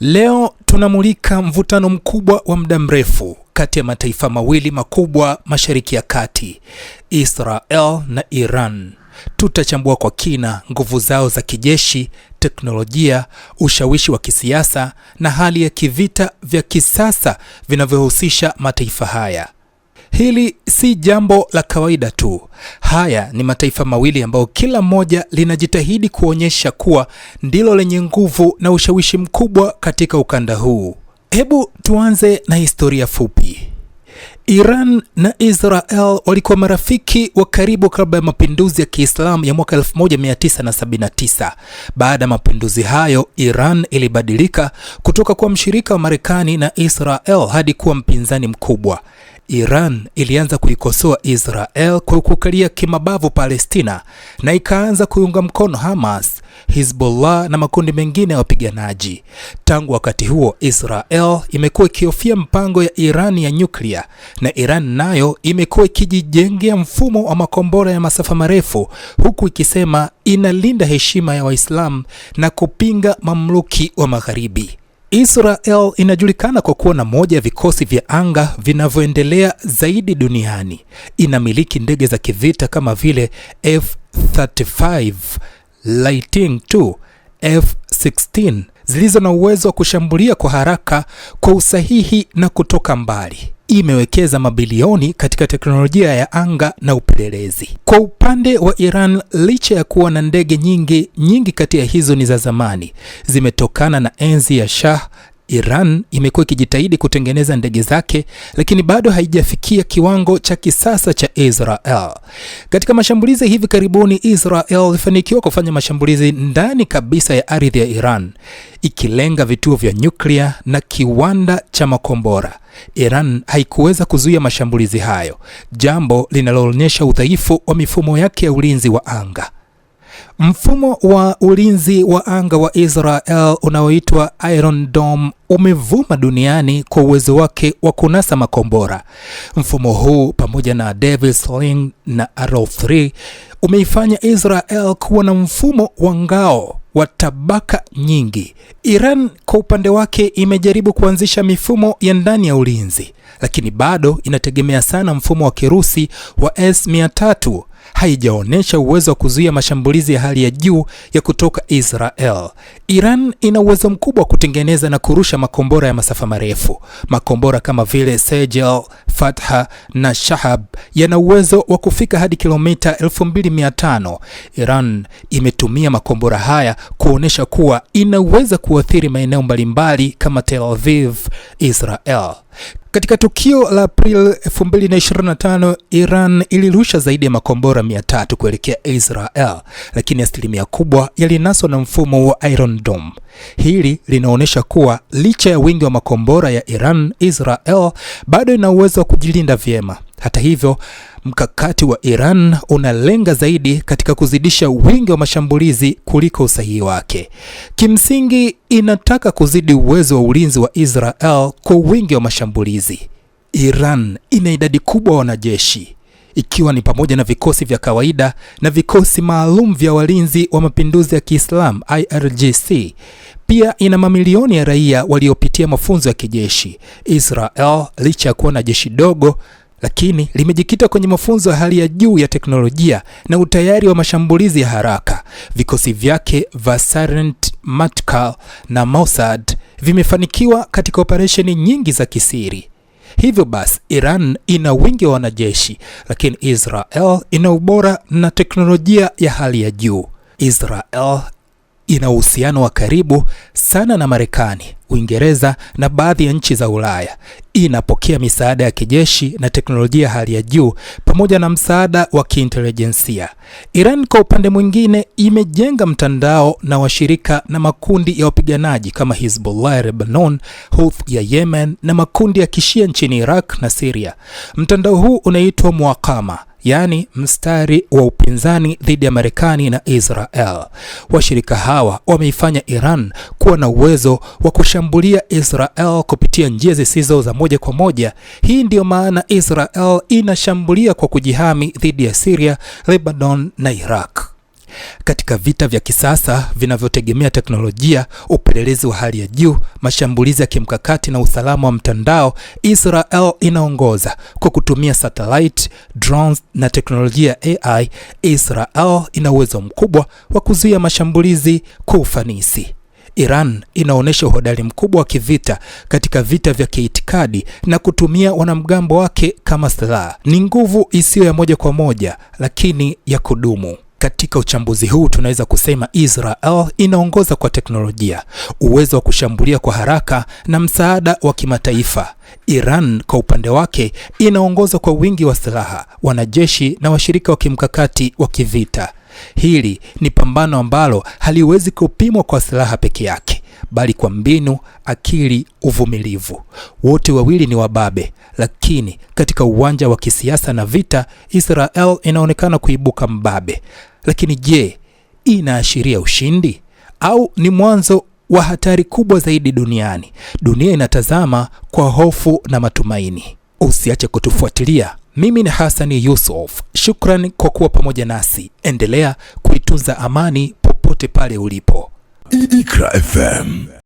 Leo tunamulika mvutano mkubwa wa muda mrefu kati ya mataifa mawili makubwa Mashariki ya Kati, Israel na Iran. Tutachambua kwa kina nguvu zao za kijeshi, teknolojia, ushawishi wa kisiasa na hali ya kivita vya kisasa vinavyohusisha mataifa haya. Hili si jambo la kawaida tu. Haya ni mataifa mawili ambayo kila moja linajitahidi kuonyesha kuwa ndilo lenye nguvu na ushawishi mkubwa katika ukanda huu. Hebu tuanze na historia fupi. Iran na Israel walikuwa marafiki wa karibu kabla ya mapinduzi ya Kiislamu ya mwaka 1979. Baada ya mapinduzi hayo, Iran ilibadilika kutoka kuwa mshirika wa Marekani na Israel hadi kuwa mpinzani mkubwa. Iran ilianza kuikosoa Israel kwa kukalia kimabavu Palestina na ikaanza kuiunga mkono Hamas, Hezbollah na makundi mengine ya wapiganaji. Tangu wakati huo, Israel imekuwa ikihofia mpango ya Iran ya nyuklia na Iran nayo imekuwa ikijijengea mfumo wa makombora ya masafa marefu huku ikisema inalinda heshima ya Waislamu na kupinga mamluki wa Magharibi. Israel inajulikana kwa kuwa na moja ya vikosi vya anga vinavyoendelea zaidi duniani. Inamiliki ndege za kivita kama vile F35 Lightning II, F16 zilizo na uwezo wa kushambulia kwa haraka, kwa usahihi na kutoka mbali imewekeza mabilioni katika teknolojia ya anga na upelelezi. Kwa upande wa Iran, licha ya kuwa na ndege nyingi, nyingi kati ya hizo ni za zamani, zimetokana na enzi ya Shah Iran imekuwa ikijitahidi kutengeneza ndege zake lakini bado haijafikia kiwango cha kisasa cha Israel. Katika mashambulizi hivi karibuni, Israel ilifanikiwa kufanya mashambulizi ndani kabisa ya ardhi ya Iran ikilenga vituo vya nyuklia na kiwanda cha makombora. Iran haikuweza kuzuia mashambulizi hayo, jambo linaloonyesha udhaifu wa mifumo yake ya ulinzi wa anga. Mfumo wa ulinzi wa anga wa Israel unaoitwa Iron Dome umevuma duniani kwa uwezo wake wa kunasa makombora. Mfumo huu pamoja na Davis Sling na Arrow 3 umeifanya Israel kuwa na mfumo wa ngao wa tabaka nyingi. Iran kwa upande wake imejaribu kuanzisha mifumo ya ndani ya ulinzi, lakini bado inategemea sana mfumo wa Kirusi wa S-300 haijaonyesha uwezo wa kuzuia mashambulizi ya hali ya juu ya kutoka Israel. Iran ina uwezo mkubwa wa kutengeneza na kurusha makombora ya masafa marefu. Makombora kama vile Sejal, Fatha na Shahab yana uwezo wa kufika hadi kilomita 2500. Iran imetumia makombora haya kuonyesha kuwa inaweza kuathiri maeneo mbalimbali kama Tel Aviv, Israel. Katika tukio la April 2025, Iran ilirusha zaidi ya makombora 300 kuelekea Israel, lakini asilimia kubwa yalinaswa na mfumo wa Iron Dome. Hili linaonyesha kuwa licha ya wingi wa makombora ya Iran, Israel bado ina uwezo wa kujilinda vyema. Hata hivyo, mkakati wa Iran unalenga zaidi katika kuzidisha wingi wa mashambulizi kuliko usahihi wake. Kimsingi, inataka kuzidi uwezo wa ulinzi wa Israel kwa wingi wa mashambulizi. Iran ina idadi kubwa wanajeshi ikiwa ni pamoja na vikosi vya kawaida na vikosi maalum vya walinzi wa mapinduzi ya Kiislamu IRGC. Pia ina mamilioni ya raia waliopitia mafunzo ya kijeshi. Israel, licha ya kuwa na jeshi dogo, lakini limejikita kwenye mafunzo ya hali ya juu ya teknolojia na utayari wa mashambulizi ya haraka. Vikosi vyake vya Silent Matkal na Mossad vimefanikiwa katika operesheni nyingi za kisiri. Hivyo basi, Iran ina wingi wa wanajeshi, lakini Israel ina ubora na teknolojia ya hali ya juu. Israel ina uhusiano wa karibu sana na Marekani, Uingereza na baadhi ya nchi za Ulaya. Inapokea misaada ya kijeshi na teknolojia hali ya juu pamoja na msaada wa kiintelijensia. Iran kwa upande mwingine, imejenga mtandao na washirika na makundi ya wapiganaji kama Hizbullah ya Lebanon, Houthi ya Yemen na makundi ya kishia nchini Iraq na Syria. Mtandao huu unaitwa Muakama yaani mstari wa upinzani dhidi ya Marekani na Israel. Washirika hawa wameifanya Iran kuwa na uwezo wa kushambulia Israel kupitia njia zisizo za moja kwa moja. Hii ndiyo maana Israel inashambulia kwa kujihami dhidi ya Syria, Lebanon na Iraq katika vita vya kisasa vinavyotegemea teknolojia, upelelezi wa hali ya juu, mashambulizi ya kimkakati na usalama wa mtandao, Israel inaongoza kwa kutumia satellite, drones na teknolojia AI. Israel ina uwezo mkubwa wa kuzuia mashambulizi kwa ufanisi. Iran inaonyesha uhodari mkubwa wa kivita katika vita vya kiitikadi na kutumia wanamgambo wake kama silaha. Ni nguvu isiyo ya moja kwa moja, lakini ya kudumu. Katika uchambuzi huu tunaweza kusema Israel inaongoza kwa teknolojia, uwezo wa kushambulia kwa haraka na msaada wa kimataifa. Iran kwa upande wake inaongoza kwa wingi wa silaha, wanajeshi na washirika wa kimkakati wa kivita. Hili ni pambano ambalo haliwezi kupimwa kwa silaha peke yake bali kwa mbinu, akili, uvumilivu. Wote wawili ni wababe, lakini katika uwanja wa kisiasa na vita, Israel inaonekana kuibuka mbabe. Lakini je, inaashiria ushindi au ni mwanzo wa hatari kubwa zaidi duniani? Dunia inatazama kwa hofu na matumaini. Usiache kutufuatilia. Mimi ni Hasani Yusuf. Shukran kwa kuwa pamoja nasi. Endelea kuitunza amani popote pale ulipo. İkra FM